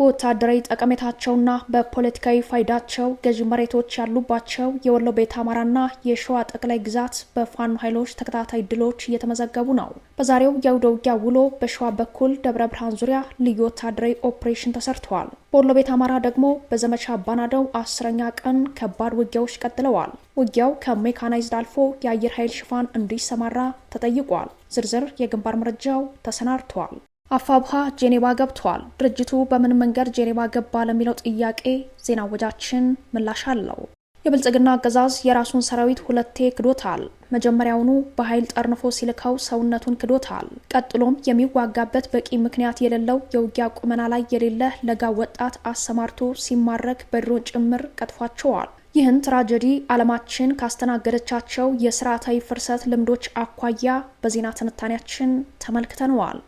በወታደራዊ ጠቀሜታቸውና በፖለቲካዊ ፋይዳቸው ገዢ መሬቶች ያሉባቸው የወሎ ቤት አማራና የሸዋ ጠቅላይ ግዛት በፋኖ ኃይሎች ተከታታይ ድሎች እየተመዘገቡ ነው። በዛሬው የአውደ ውጊያ ውሎ በሸዋ በኩል ደብረ ብርሃን ዙሪያ ልዩ ወታደራዊ ኦፕሬሽን ተሰርተዋል። በወሎ ቤት አማራ ደግሞ በዘመቻ አባናደው አስረኛ ቀን ከባድ ውጊያዎች ቀጥለዋል። ውጊያው ከሜካናይዝድ አልፎ የአየር ኃይል ሽፋን እንዲሰማራ ተጠይቋል። ዝርዝር የግንባር መረጃው ተሰናድተዋል። አፋብሃ ጄኔቫ ገብቷል። ድርጅቱ በምን መንገድ ጄኔቫ ገባ ለሚለው ጥያቄ ዜና ወጃችን ምላሽ አለው። የብልጽግና አገዛዝ የራሱን ሰራዊት ሁለቴ ክዶታል። መጀመሪያውኑ በኃይል ጠርንፎ ሲልከው ሰውነቱን ክዶታል። ቀጥሎም የሚዋጋበት በቂ ምክንያት የሌለው የውጊያ ቁመና ላይ የሌለ ለጋ ወጣት አሰማርቶ ሲማረክ በድሮን ጭምር ቀጥፏቸዋል። ይህን ትራጀዲ ዓለማችን ካስተናገደቻቸው የስርዓታዊ ፍርሰት ልምዶች አኳያ በዜና ትንታኔያችን ተመልክተነዋል።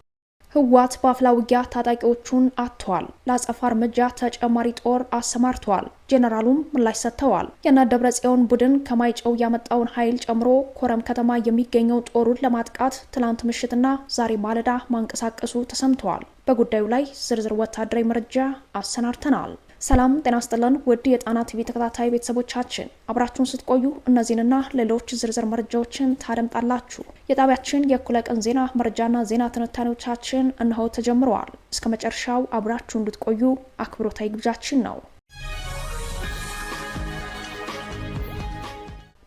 ህወሓት በአፍላ ውጊያ ታጣቂዎቹን አጥቷል። ለአጸፋ እርምጃ ተጨማሪ ጦር አሰማርተዋል። ጄኔራሉም ምላሽ ሰጥተዋል። የነ ደብረ ጽዮን ቡድን ከማይጨው ያመጣውን ኃይል ጨምሮ ኮረም ከተማ የሚገኘው ጦሩን ለማጥቃት ትላንት ምሽትና ዛሬ ማለዳ ማንቀሳቀሱ ተሰምተዋል። በጉዳዩ ላይ ዝርዝር ወታደራዊ መረጃ አሰናድተናል። ሰላም ጤና ስጥልን ውድ የጣና ቲቪ ተከታታይ ቤተሰቦቻችን አብራችሁን ስትቆዩ እነዚህንና ሌሎች ዝርዝር መረጃዎችን ታደምጣላችሁ። የጣቢያችን የእኩለ ቀን ዜና መረጃና ዜና ትንታኔዎቻችን እነሆ ተጀምረዋል። እስከ መጨረሻው አብራችሁ እንድትቆዩ አክብሮታዊ ግብዣችን ነው።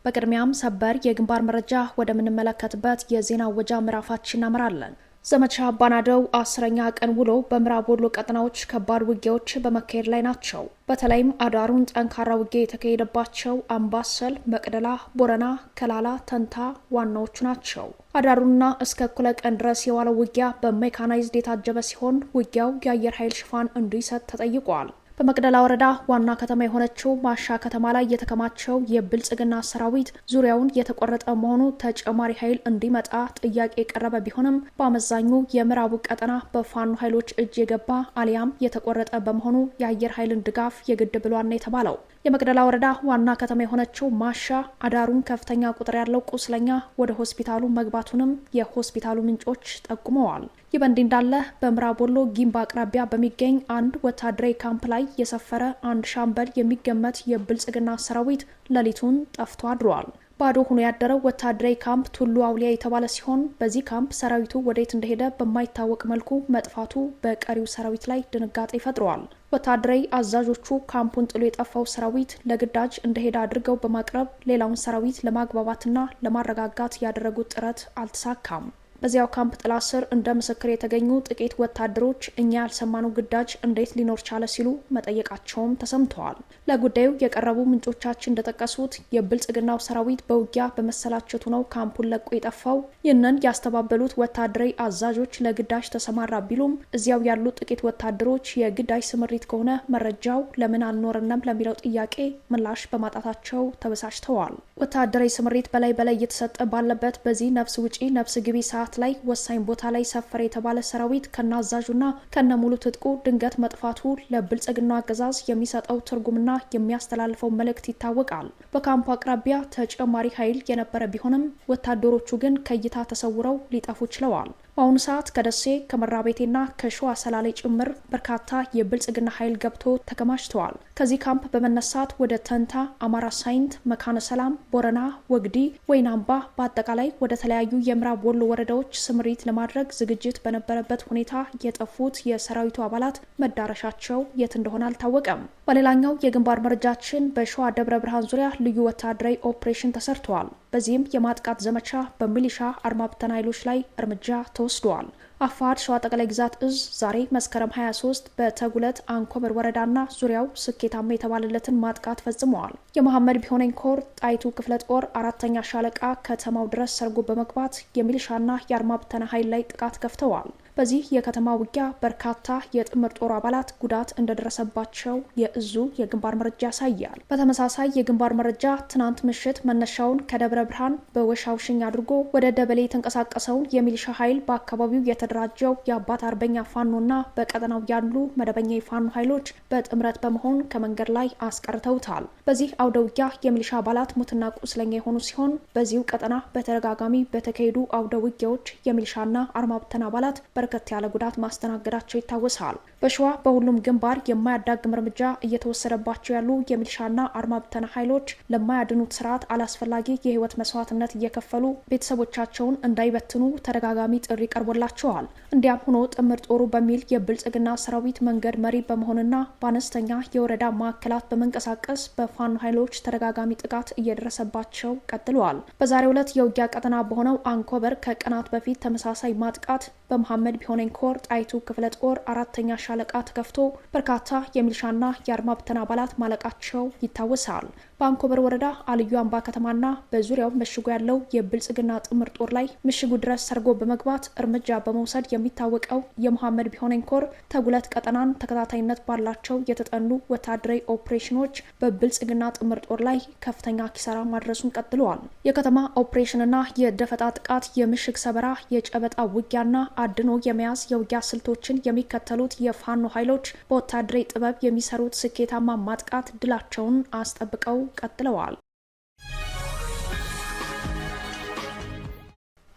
በቅድሚያም ሰበር የግንባር መረጃ ወደምንመለከትበት የዜና ወጃ ምዕራፋችን እናመራለን። ዘመቻ ባናደው አስረኛ ቀን ውሎ በምዕራብ ወሎ ቀጠናዎች ከባድ ውጊያዎች በመካሄድ ላይ ናቸው። በተለይም አዳሩን ጠንካራ ውጊያ የተካሄደባቸው አምባሰል፣ መቅደላ፣ ቦረና፣ ከላላ፣ ተንታ ዋናዎቹ ናቸው። አዳሩና እስከ እኩለ ቀን ድረስ የዋለው ውጊያ በሜካናይዝድ የታጀበ ሲሆን ውጊያው የአየር ኃይል ሽፋን እንዲሰጥ ተጠይቋል። በመቅደላ ወረዳ ዋና ከተማ የሆነችው ማሻ ከተማ ላይ የተከማቸው የብልጽግና ሰራዊት ዙሪያውን የተቆረጠ መሆኑ ተጨማሪ ኃይል እንዲመጣ ጥያቄ የቀረበ ቢሆንም በአመዛኙ የምዕራቡ ቀጠና በፋኖ ኃይሎች እጅ የገባ አሊያም የተቆረጠ በመሆኑ የአየር ኃይልን ድጋፍ የግድ ብሏና የተባለው የመቅደላ ወረዳ ዋና ከተማ የሆነችው ማሻ አዳሩን ከፍተኛ ቁጥር ያለው ቁስለኛ ወደ ሆስፒታሉ መግባቱንም የሆስፒታሉ ምንጮች ጠቁመዋል። ይህ በእንዲህ እንዳለ በምዕራብ ወሎ ጊምባ አቅራቢያ በሚገኝ አንድ ወታደራዊ ካምፕ ላይ የሰፈረ አንድ ሻምበል የሚገመት የብልጽግና ሰራዊት ሌሊቱን ጠፍቶ አድሯል። ባዶ ሆኖ ያደረው ወታደራዊ ካምፕ ቱሉ አውሊያ የተባለ ሲሆን በዚህ ካምፕ ሰራዊቱ ወዴት እንደሄደ በማይታወቅ መልኩ መጥፋቱ በቀሪው ሰራዊት ላይ ድንጋጤ ፈጥረዋል። ወታደራዊ አዛዦቹ ካምፑን ጥሎ የጠፋው ሰራዊት ለግዳጅ እንደሄደ አድርገው በማቅረብ ሌላውን ሰራዊት ለማግባባትና ለማረጋጋት ያደረጉት ጥረት አልተሳካም። በዚያው ካምፕ ጥላ ስር እንደ ምስክር የተገኙ ጥቂት ወታደሮች እኛ ያልሰማነው ግዳጅ እንዴት ሊኖር ቻለ ሲሉ መጠየቃቸውም ተሰምተዋል። ለጉዳዩ የቀረቡ ምንጮቻችን እንደጠቀሱት የብልጽግናው ሰራዊት በውጊያ በመሰላቸቱ ነው ካምፑን ለቆ የጠፋው። ይህንን ያስተባበሉት ወታደራዊ አዛዦች ለግዳጅ ተሰማራ ቢሉም እዚያው ያሉ ጥቂት ወታደሮች የግዳጅ ስምሪት ከሆነ መረጃው ለምን አልኖረንም ለሚለው ጥያቄ ምላሽ በማጣታቸው ተበሳጭተዋል። ወታደራዊ ስምሪት በላይ በላይ እየተሰጠ ባለበት በዚህ ነፍስ ውጪ ነፍስ ግቢ ሰዓት ሰዓት ላይ ወሳኝ ቦታ ላይ ሰፈረ የተባለ ሰራዊት ከነአዛዡና ከነሙሉ ትጥቁ ድንገት መጥፋቱ ለብልጽግናው አገዛዝ የሚሰጠው ትርጉምና የሚያስተላልፈው መልእክት ይታወቃል። በካምፑ አቅራቢያ ተጨማሪ ኃይል የነበረ ቢሆንም ወታደሮቹ ግን ከእይታ ተሰውረው ሊጠፉ ችለዋል። በአሁኑ ሰዓት ከደሴ ከመራቤቴና ከሸዋ ሰላሌ ጭምር በርካታ የብልጽግና ኃይል ገብቶ ተከማችተዋል። ከዚህ ካምፕ በመነሳት ወደ ተንታ፣ አማራ ሳይንት፣ መካነ ሰላም፣ ቦረና፣ ወግዲ፣ ወይናምባ በአጠቃላይ ወደ ተለያዩ የምዕራብ ወሎ ወረዳዎች ሰዎች ስምሪት ለማድረግ ዝግጅት በነበረበት ሁኔታ የጠፉት የሰራዊቱ አባላት መዳረሻቸው የት እንደሆነ አልታወቀም። በሌላኛው የግንባር መረጃችን በሸዋ ደብረ ብርሃን ዙሪያ ልዩ ወታደራዊ ኦፕሬሽን ተሰርተዋል። በዚህም የማጥቃት ዘመቻ በሚሊሻ አርማ ኃይሎች ላይ እርምጃ ተወስደዋል። አፋድ ሸዋ ጠቅላይ ግዛት እዝ ዛሬ መስከረም 23 በተጉለት አንኮበር ወረዳና ዙሪያው ስኬታማ የተባለለትን ማጥቃት ፈጽመዋል። የመሐመድ ቢሆነኝ ኮር ጣይቱ ክፍለ ጦር አራተኛ ሻለቃ ከተማው ድረስ ሰርጎ በመግባት የሚሊሻና የአድማ ብተና ኃይል ላይ ጥቃት ከፍተዋል። በዚህ የከተማ ውጊያ በርካታ የጥምር ጦር አባላት ጉዳት እንደደረሰባቸው የእዙ የግንባር መረጃ ያሳያል። በተመሳሳይ የግንባር መረጃ ትናንት ምሽት መነሻውን ከደብረ ብርሃን በወሻውሽኝ አድርጎ ወደ ደበሌ የተንቀሳቀሰውን የሚሊሻ ኃይል በአካባቢው የተደራጀው የአባት አርበኛ ፋኖና በቀጠናው ያሉ መደበኛ የፋኖ ኃይሎች በጥምረት በመሆን ከመንገድ ላይ አስቀርተውታል። በዚህ አውደ ውጊያ የሚሊሻ አባላት ሙትና ቁስለኛ የሆኑ ሲሆን በዚሁ ቀጠና በተደጋጋሚ በተካሄዱ አውደ ውጊያዎች የሚሊሻና አርማብተን አባላት አባላት በርከት ያለ ጉዳት ማስተናገዳቸው ይታወሳል። በሸዋ በሁሉም ግንባር የማያዳግም እርምጃ እየተወሰደባቸው ያሉ የሚልሻና አድማ ብተና ኃይሎች ለማያድኑት ስርዓት አላስፈላጊ የህይወት መስዋዕትነት እየከፈሉ ቤተሰቦቻቸውን እንዳይበትኑ ተደጋጋሚ ጥሪ ቀርቦላቸዋል። እንዲያም ሆኖ ጥምር ጦሩ በሚል የብልጽግና ሰራዊት መንገድ መሪ በመሆንና በአነስተኛ የወረዳ ማዕከላት በመንቀሳቀስ በፋኖ ኃይሎች ተደጋጋሚ ጥቃት እየደረሰባቸው ቀጥለዋል። በዛሬው ዕለት የውጊያ ቀጠና በሆነው አንኮበር ከቀናት በፊት ተመሳሳይ ማጥቃት በመሐመድ መሐመድ ቢሆነኝ ኮር ጣይቱ ክፍለ ጦር አራተኛ ሻለቃ ተከፍቶ በርካታ የሚልሻና የአድማ ብተና አባላት ማለቃቸው ይታወሳል። በአንኮበር ወረዳ አልዩ አምባ ከተማና በዙሪያው መሽጉ ያለው የብልጽግና ጥምር ጦር ላይ ምሽጉ ድረስ ሰርጎ በመግባት እርምጃ በመውሰድ የሚታወቀው የመሐመድ ቢሆነኝ ኮር ተጉለት ቀጠናን ተከታታይነት ባላቸው የተጠኑ ወታደራዊ ኦፕሬሽኖች በብልጽግና ጥምር ጦር ላይ ከፍተኛ ኪሳራ ማድረሱን ቀጥለዋል። የከተማ ኦፕሬሽንና የደፈጣ ጥቃት፣ የምሽግ ሰበራ፣ የጨበጣ ውጊያና አድኖ የመያዝ የውጊያ ስልቶችን የሚከተሉት የፋኖ ኃይሎች በወታደራዊ ጥበብ የሚሰሩት ስኬታማ ማጥቃት ድላቸውን አስጠብቀው ቀጥለዋል።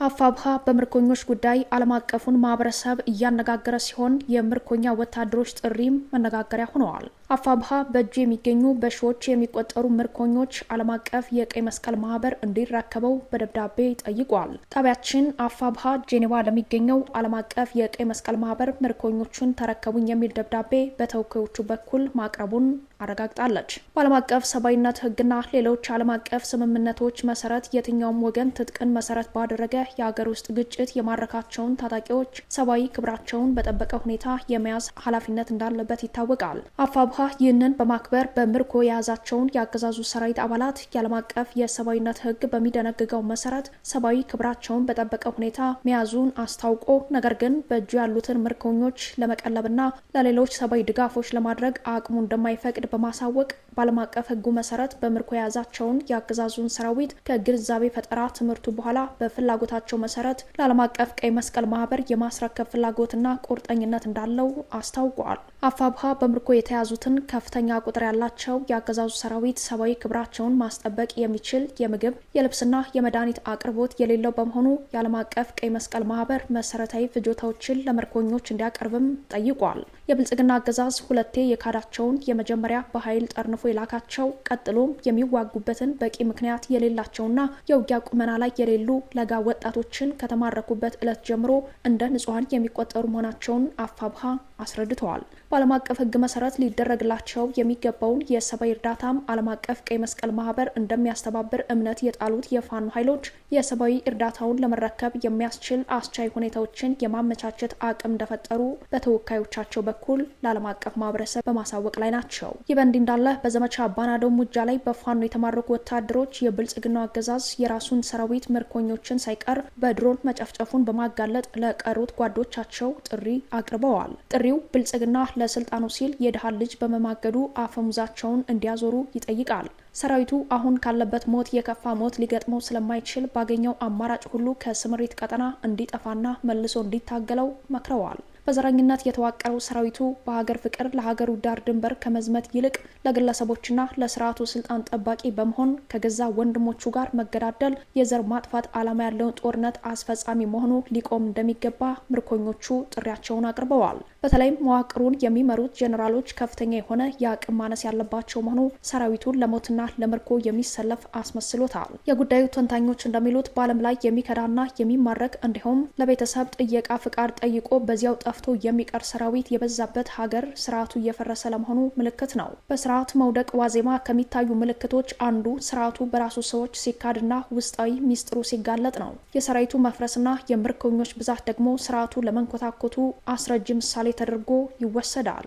አፋብሃ በምርኮኞች ጉዳይ ዓለም አቀፉን ማህበረሰብ እያነጋገረ ሲሆን የምርኮኛ ወታደሮች ጥሪም መነጋገሪያ ሆነዋል። አፋብሃ በእጁ የሚገኙ በሺዎች የሚቆጠሩ ምርኮኞች ዓለም አቀፍ የቀይ መስቀል ማህበር እንዲረከበው በደብዳቤ ጠይቋል። ጣቢያችን አፋብሃ ጄኔቫ ለሚገኘው ዓለም አቀፍ የቀይ መስቀል ማህበር ምርኮኞቹን ተረከቡኝ የሚል ደብዳቤ በተወካዮቹ በኩል ማቅረቡን አረጋግጣለች። በዓለም አቀፍ ሰብአዊነት ህግና ሌሎች ዓለም አቀፍ ስምምነቶች መሰረት የትኛውም ወገን ትጥቅን መሰረት ባደረገ የሀገር ውስጥ ግጭት የማረካቸውን ታጣቂዎች ሰብአዊ ክብራቸውን በጠበቀ ሁኔታ የመያዝ ኃላፊነት እንዳለበት ይታወቃል። አፋብሃ ይህንን በማክበር በምርኮ የያዛቸውን የአገዛዙ ሰራዊት አባላት የዓለም አቀፍ የሰብአዊነት ህግ በሚደነግገው መሰረት ሰብአዊ ክብራቸውን በጠበቀ ሁኔታ መያዙን አስታውቆ ነገር ግን በእጁ ያሉትን ምርኮኞች ለመቀለብና ለሌሎች ሰብአዊ ድጋፎች ለማድረግ አቅሙ እንደማይፈቅድ በማሳወቅ በዓለም አቀፍ ህጉ መሰረት በምርኮ የያዛቸውን የአገዛዙን ሰራዊት ከግንዛቤ ፈጠራ ትምህርቱ በኋላ በፍላጎታ በጥናታቸው መሰረት ለዓለም አቀፍ ቀይ መስቀል ማህበር የማስረከብ ፍላጎትና ቁርጠኝነት እንዳለው አስታውቋል። አፋብሃ በምርኮ የተያዙትን ከፍተኛ ቁጥር ያላቸው የአገዛዙ ሰራዊት ሰብአዊ ክብራቸውን ማስጠበቅ የሚችል የምግብ የልብስና የመድኃኒት አቅርቦት የሌለው በመሆኑ የዓለም አቀፍ ቀይ መስቀል ማህበር መሰረታዊ ፍጆታዎችን ለምርኮኞች እንዲያቀርብም ጠይቋል። የብልጽግና አገዛዝ ሁለቴ የካዳቸውን የመጀመሪያ በኃይል ጠርንፎ የላካቸው ቀጥሎም የሚዋጉበትን በቂ ምክንያት የሌላቸውና የውጊያ ቁመና ላይ የሌሉ ለጋ ወጣ ወጣቶችን ከተማረኩበት ዕለት ጀምሮ እንደ ንጹሐን የሚቆጠሩ መሆናቸውን አፋብሃ አስረድተዋል። በዓለም አቀፍ ሕግ መሰረት ሊደረግላቸው የሚገባውን የሰብአዊ እርዳታም ዓለም አቀፍ ቀይ መስቀል ማህበር እንደሚያስተባብር እምነት የጣሉት የፋኖ ኃይሎች የሰብአዊ እርዳታውን ለመረከብ የሚያስችል አስቻይ ሁኔታዎችን የማመቻቸት አቅም እንደፈጠሩ በተወካዮቻቸው በኩል ለዓለም አቀፍ ማህበረሰብ በማሳወቅ ላይ ናቸው። ይህ በእንዲህ እንዳለ በዘመቻ ባናዶ ሙጃ ላይ በፋኖ የተማረኩ ወታደሮች የብልጽግናው አገዛዝ የራሱን ሰራዊት ምርኮኞችን ሳይቀር በድሮን መጨፍጨፉን በማጋለጥ ለቀሩት ጓዶቻቸው ጥሪ አቅርበዋል። ጥሪ ጥሪው ብልጽግና ለስልጣኑ ሲል የድሃን ልጅ በመማገዱ አፈሙዛቸውን እንዲያዞሩ ይጠይቃል። ሰራዊቱ አሁን ካለበት ሞት የከፋ ሞት ሊገጥመው ስለማይችል ባገኘው አማራጭ ሁሉ ከስምሪት ቀጠና እንዲጠፋና መልሶ እንዲታገለው መክረዋል። በዘረኝነት የተዋቀረው ሰራዊቱ በሀገር ፍቅር ለሀገሩ ዳር ድንበር ከመዝመት ይልቅ ለግለሰቦችና ለስርዓቱ ስልጣን ጠባቂ በመሆን ከገዛ ወንድሞቹ ጋር መገዳደል የዘር ማጥፋት ዓላማ ያለውን ጦርነት አስፈጻሚ መሆኑ ሊቆም እንደሚገባ ምርኮኞቹ ጥሪያቸውን አቅርበዋል። በተለይም መዋቅሩን የሚመሩት ጄኔራሎች ከፍተኛ የሆነ የአቅም ማነስ ያለባቸው መሆኑ ሰራዊቱን ለሞትና ለምርኮ የሚሰለፍ አስመስሎታል። የጉዳዩ ተንታኞች እንደሚሉት በዓለም ላይ የሚከዳና የሚማረክ እንዲሁም ለቤተሰብ ጥየቃ ፍቃድ ጠይቆ በዚያው ጠፍ ጠፍቶ የሚቀር ሰራዊት የበዛበት ሀገር ስርዓቱ እየፈረሰ ለመሆኑ ምልክት ነው። በስርዓት መውደቅ ዋዜማ ከሚታዩ ምልክቶች አንዱ ስርዓቱ በራሱ ሰዎች ሲካድና ውስጣዊ ሚስጥሩ ሲጋለጥ ነው። የሰራዊቱ መፍረስና የምርኮኞች ብዛት ደግሞ ስርዓቱ ለመንኮታኮቱ አስረጅ ምሳሌ ተደርጎ ይወሰዳል።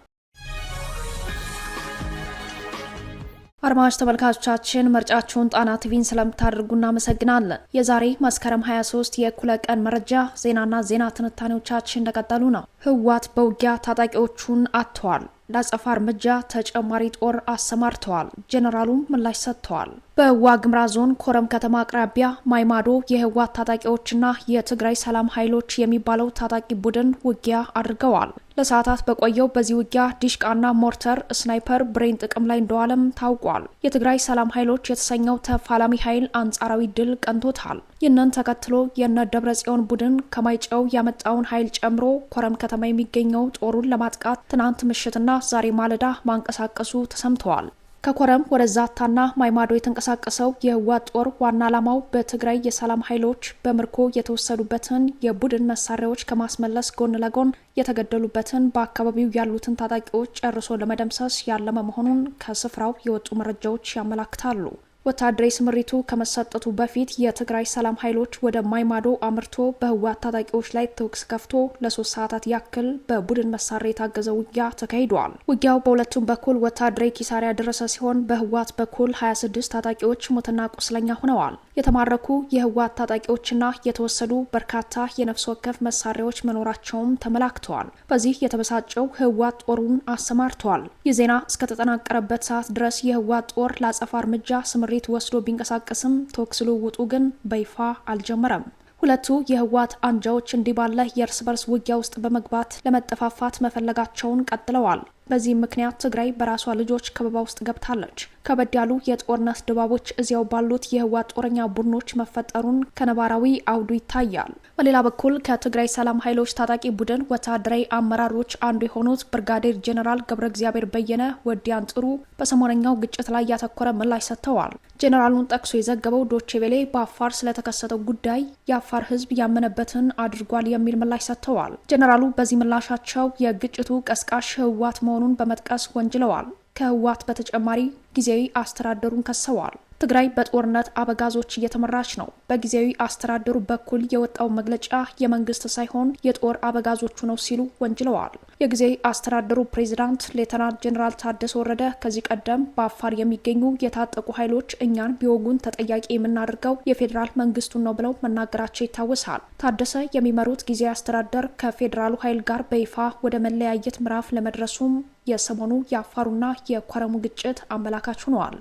አድማጭ ተመልካቾቻችን ምርጫችሁን ጣና ቲቪን ስለምታደርጉ እናመሰግናለን። የዛሬ መስከረም 23 የእኩለ ቀን መረጃ ዜናና ዜና ትንታኔዎቻችን እንደቀጠሉ ነው። ህወሓት በውጊያ ታጣቂዎቹን አጥተዋል። ለአጸፋ እርምጃ ተጨማሪ ጦር አሰማርተዋል። ጄኔራሉም ምላሽ ሰጥተዋል። በዋግምራ ዞን ኮረም ከተማ አቅራቢያ ማይማዶ የህወሓት ታጣቂዎችና የትግራይ ሰላም ኃይሎች የሚባለው ታጣቂ ቡድን ውጊያ አድርገዋል። ለሰዓታት በቆየው በዚህ ውጊያ ዲሽቃና ሞርተር፣ ስናይፐር ብሬን ጥቅም ላይ እንደዋለም ታውቋል። የትግራይ ሰላም ኃይሎች የተሰኘው ተፋላሚ ኃይል አንጻራዊ ድል ቀንቶታል። ይህንን ተከትሎ የነ ደብረጽዮን ቡድን ከማይጨው ያመጣውን ኃይል ጨምሮ ኮረም ከተማ የሚገኘው ጦሩን ለማጥቃት ትናንት ምሽትና ዛሬ ማለዳ ማንቀሳቀሱ ተሰምተዋል። ከኮረም ወደ ዛታና ማይማዶ የተንቀሳቀሰው የህወሓት ጦር ዋና ዓላማው በትግራይ የሰላም ኃይሎች በምርኮ የተወሰዱበትን የቡድን መሳሪያዎች ከማስመለስ ጎን ለጎን የተገደሉበትን በአካባቢው ያሉትን ታጣቂዎች ጨርሶ ለመደምሰስ ያለመ መሆኑን ከስፍራው የወጡ መረጃዎች ያመላክታሉ። ወታደራዊ ስምሪቱ ከመሰጠቱ በፊት የትግራይ ሰላም ኃይሎች ወደ ማይማዶ አምርቶ በህወሓት ታጣቂዎች ላይ ተኩስ ከፍቶ ለሶስት ሰዓታት ያክል በቡድን መሳሪያ የታገዘ ውጊያ ተካሂደዋል። ውጊያው በሁለቱም በኩል ወታደራዊ ኪሳሪያ ያደረሰ ሲሆን በህወሓት በኩል 26 ታጣቂዎች ሞትና ቁስለኛ ሆነዋል። የተማረኩ የህወሓት ታጣቂዎችና የተወሰዱ በርካታ የነፍስ ወከፍ መሳሪያዎች መኖራቸውም ተመላክተዋል። በዚህ የተበሳጨው ህወሓት ጦሩን አሰማርተዋል። ይህ ዜና እስከተጠናቀረበት ሰዓት ድረስ የህወሓት ጦር ለአጸፋ እርምጃ ስምር ስምሪት ወስዶ ቢንቀሳቀስም ተኩስ ልውውጡ ግን በይፋ አልጀመረም። ሁለቱ የህወሓት አንጃዎች እንዲህ ባለ የእርስ በርስ ውጊያ ውስጥ በመግባት ለመጠፋፋት መፈለጋቸውን ቀጥለዋል። በዚህም ምክንያት ትግራይ በራሷ ልጆች ከበባ ውስጥ ገብታለች። ከበድ ያሉ የጦርነት ድባቦች እዚያው ባሉት የህወሓት ጦረኛ ቡድኖች መፈጠሩን ከነባራዊ አውዱ ይታያል። በሌላ በኩል ከትግራይ ሰላም ኃይሎች ታጣቂ ቡድን ወታደራዊ አመራሮች አንዱ የሆኑት ብርጋዴር ጄኔራል ገብረ እግዚአብሔር በየነ ወዲያን ጥሩ በሰሞነኛው ግጭት ላይ ያተኮረ ምላሽ ሰጥተዋል። ጄኔራሉን ጠቅሶ የዘገበው ዶቼቤሌ በአፋር ስለተከሰተው ጉዳይ የአፋር ህዝብ ያመነበትን አድርጓል የሚል ምላሽ ሰጥተዋል። ጄኔራሉ በዚህ ምላሻቸው የግጭቱ ቀስቃሽ ህወሓት መሆኑ መሆኑን በመጥቀስ ወንጅለዋል። ከህወሓት በተጨማሪ ጊዜያዊ አስተዳደሩን ከሰዋል። ትግራይ በጦርነት አበጋዞች እየተመራች ነው። በጊዜያዊ አስተዳደሩ በኩል የወጣው መግለጫ የመንግስት ሳይሆን የጦር አበጋዞቹ ነው ሲሉ ወንጅለዋል። የጊዜያዊ አስተዳደሩ ፕሬዚዳንት ሌተናንት ጀኔራል ታደሰ ወረደ ከዚህ ቀደም በአፋር የሚገኙ የታጠቁ ኃይሎች እኛን ቢወጉን ተጠያቂ የምናደርገው የፌዴራል መንግስቱን ነው ብለው መናገራቸው ይታወሳል። ታደሰ የሚመሩት ጊዜያዊ አስተዳደር ከፌዴራሉ ኃይል ጋር በይፋ ወደ መለያየት ምዕራፍ ለመድረሱም የሰሞኑ የአፋሩና የኮረሙ ግጭት አመላካች ሆነዋል።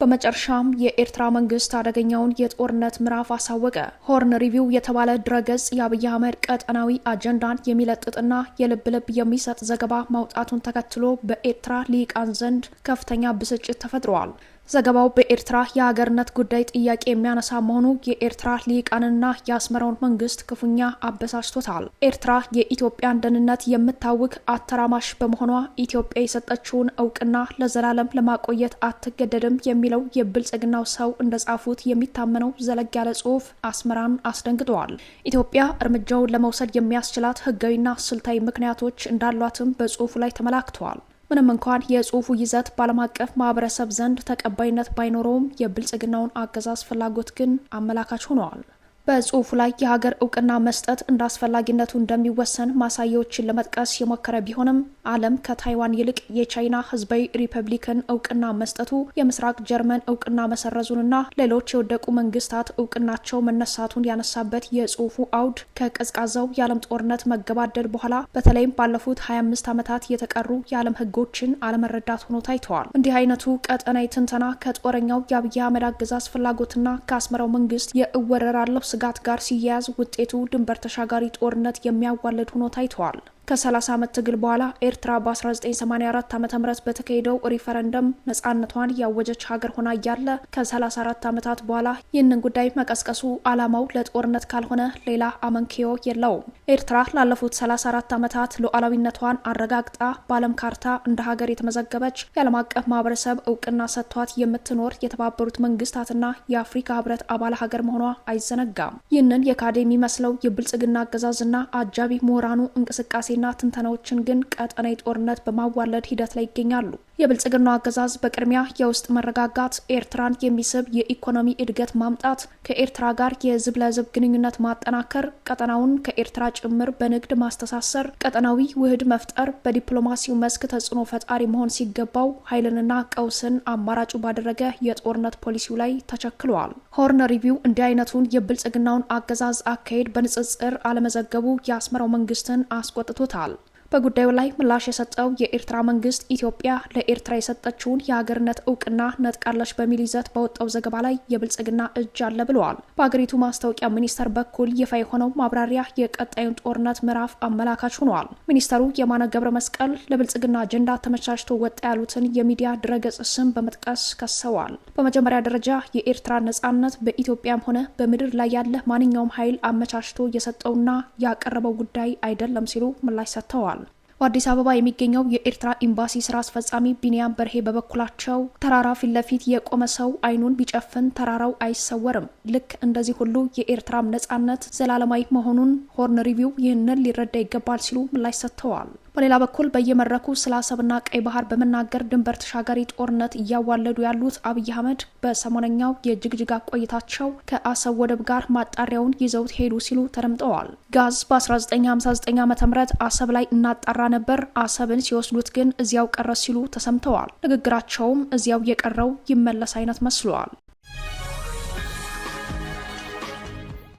በመጨረሻም የኤርትራ መንግስት አደገኛውን የጦርነት ምዕራፍ አሳወቀ። ሆርን ሪቪው የተባለ ድረገጽ የአብይ አህመድ ቀጠናዊ አጀንዳን የሚለጥጥና የልብ ልብ የሚሰጥ ዘገባ ማውጣቱን ተከትሎ በኤርትራ ሊቃን ዘንድ ከፍተኛ ብስጭት ተፈጥሯል። ዘገባው በኤርትራ የሀገርነት ጉዳይ ጥያቄ የሚያነሳ መሆኑ የኤርትራ ሊቃንና የአስመራውን መንግስት ክፉኛ አበሳጭቶታል። ኤርትራ የኢትዮጵያን ደህንነት የምታውክ አተራማሽ በመሆኗ ኢትዮጵያ የሰጠችውን እውቅና ለዘላለም ለማቆየት አትገደድም የሚለው የብልጽግናው ሰው እንደጻፉት የሚታመነው ዘለግ ያለ ጽሁፍ አስመራን አስደንግጠዋል። ኢትዮጵያ እርምጃውን ለመውሰድ የሚያስችላት ህጋዊና ስልታዊ ምክንያቶች እንዳሏትም በጽሁፉ ላይ ተመላክተዋል። ምንም እንኳን የጽሁፉ ይዘት በዓለም አቀፍ ማህበረሰብ ዘንድ ተቀባይነት ባይኖረውም የብልጽግናውን አገዛዝ ፍላጎት ግን አመላካች ሆነዋል። በጽሁፉ ላይ የሀገር እውቅና መስጠት እንደ አስፈላጊነቱ እንደሚወሰን ማሳያዎችን ለመጥቀስ የሞከረ ቢሆንም ዓለም ከታይዋን ይልቅ የቻይና ህዝባዊ ሪፐብሊክን እውቅና መስጠቱ የምስራቅ ጀርመን እውቅና መሰረዙንና ሌሎች የወደቁ መንግስታት እውቅናቸው መነሳቱን ያነሳበት የጽሁፉ አውድ ከቀዝቃዛው የዓለም ጦርነት መገባደድ በኋላ በተለይም ባለፉት 25 ዓመታት የተቀሩ የዓለም ህጎችን አለመረዳት ሆኖ ታይተዋል። እንዲህ አይነቱ ቀጠናዊ ትንተና ከጦረኛው የአብይ አህመድ አገዛዝ ፍላጎትና ከአስመራው መንግስት የእወረራለው ልብስ ስጋት ጋር ሲያያዝ ውጤቱ ድንበር ተሻጋሪ ጦርነት የሚያዋለድ ሆኖ ታይተዋል። ከ30 ዓመት ትግል በኋላ ኤርትራ በ1984 ዓ ም በተካሄደው ሪፈረንደም ነጻነቷን ያወጀች ሀገር ሆና እያለ ከ34 ዓመታት በኋላ ይህንን ጉዳይ መቀስቀሱ ዓላማው ለጦርነት ካልሆነ ሌላ አመንኪዮ የለውም። ኤርትራ ላለፉት 34 ዓመታት ሉዓላዊነቷን አረጋግጣ በዓለም ካርታ እንደ ሀገር የተመዘገበች የዓለም አቀፍ ማህበረሰብ እውቅና ሰጥቷት የምትኖር የተባበሩት መንግስታትና የአፍሪካ ህብረት አባል ሀገር መሆኗ አይዘነጋም። ይህንን የካደ የሚመስለው የብልጽግና አገዛዝና አጃቢ ምሁራኑ እንቅስቃሴ ግንዛቤና ትንተናዎችን ግን ቀጠናዊ ጦርነት በማዋለድ ሂደት ላይ ይገኛሉ። የብልጽግናው አገዛዝ በቅድሚያ የውስጥ መረጋጋት፣ ኤርትራን የሚስብ የኢኮኖሚ እድገት ማምጣት፣ ከኤርትራ ጋር የህዝብ ለህዝብ ግንኙነት ማጠናከር፣ ቀጠናውን ከኤርትራ ጭምር በንግድ ማስተሳሰር፣ ቀጠናዊ ውህድ መፍጠር፣ በዲፕሎማሲው መስክ ተጽዕኖ ፈጣሪ መሆን ሲገባው ኃይልንና ቀውስን አማራጩ ባደረገ የጦርነት ፖሊሲው ላይ ተቸክለዋል። ሆርን ሪቪው እንዲህ አይነቱን የብልጽግናውን አገዛዝ አካሄድ በንጽጽር አለመዘገቡ የአስመራው መንግስትን አስቆጥቶ total በጉዳዩ ላይ ምላሽ የሰጠው የኤርትራ መንግስት ኢትዮጵያ ለኤርትራ የሰጠችውን የሀገርነት እውቅና ነጥቃለች በሚል ይዘት በወጣው ዘገባ ላይ የብልጽግና እጅ አለ ብለዋል። በአገሪቱ ማስታወቂያ ሚኒስተር በኩል ይፋ የሆነው ማብራሪያ የቀጣዩን ጦርነት ምዕራፍ አመላካች ሆኗል። ሚኒስተሩ የማነ ገብረ መስቀል ለብልጽግና አጀንዳ ተመቻችቶ ወጣ ያሉትን የሚዲያ ድረገጽ ስም በመጥቀስ ከሰዋል። በመጀመሪያ ደረጃ የኤርትራ ነጻነት በኢትዮጵያም ሆነ በምድር ላይ ያለ ማንኛውም ኃይል አመቻችቶ የሰጠውና ያቀረበው ጉዳይ አይደለም ሲሉ ምላሽ ሰጥተዋል። በአዲስ አበባ የሚገኘው የኤርትራ ኤምባሲ ስራ አስፈጻሚ ቢንያም በርሄ በበኩላቸው ተራራ ፊት ለፊት የቆመ ሰው አይኑን ቢጨፍን ተራራው አይሰወርም። ልክ እንደዚህ ሁሉ የኤርትራም ነጻነት ዘላለማዊ መሆኑን ሆርን ሪቪው ይህንን ሊረዳ ይገባል ሲሉ ምላሽ ሰጥተዋል። በሌላ በኩል በየመድረኩ ስለ አሰብና ቀይ ባህር በመናገር ድንበር ተሻጋሪ ጦርነት እያዋለዱ ያሉት አብይ አህመድ በሰሞነኛው የጅግጅጋ ቆይታቸው ከአሰብ ወደብ ጋር ማጣሪያውን ይዘውት ሄዱ ሲሉ ተደምጠዋል። ጋዝ በ1959 ዓ ም አሰብ ላይ እናጣራ ነበር፣ አሰብን ሲወስዱት ግን እዚያው ቀረ ሲሉ ተሰምተዋል። ንግግራቸውም እዚያው የቀረው ይመለስ አይነት መስሏል።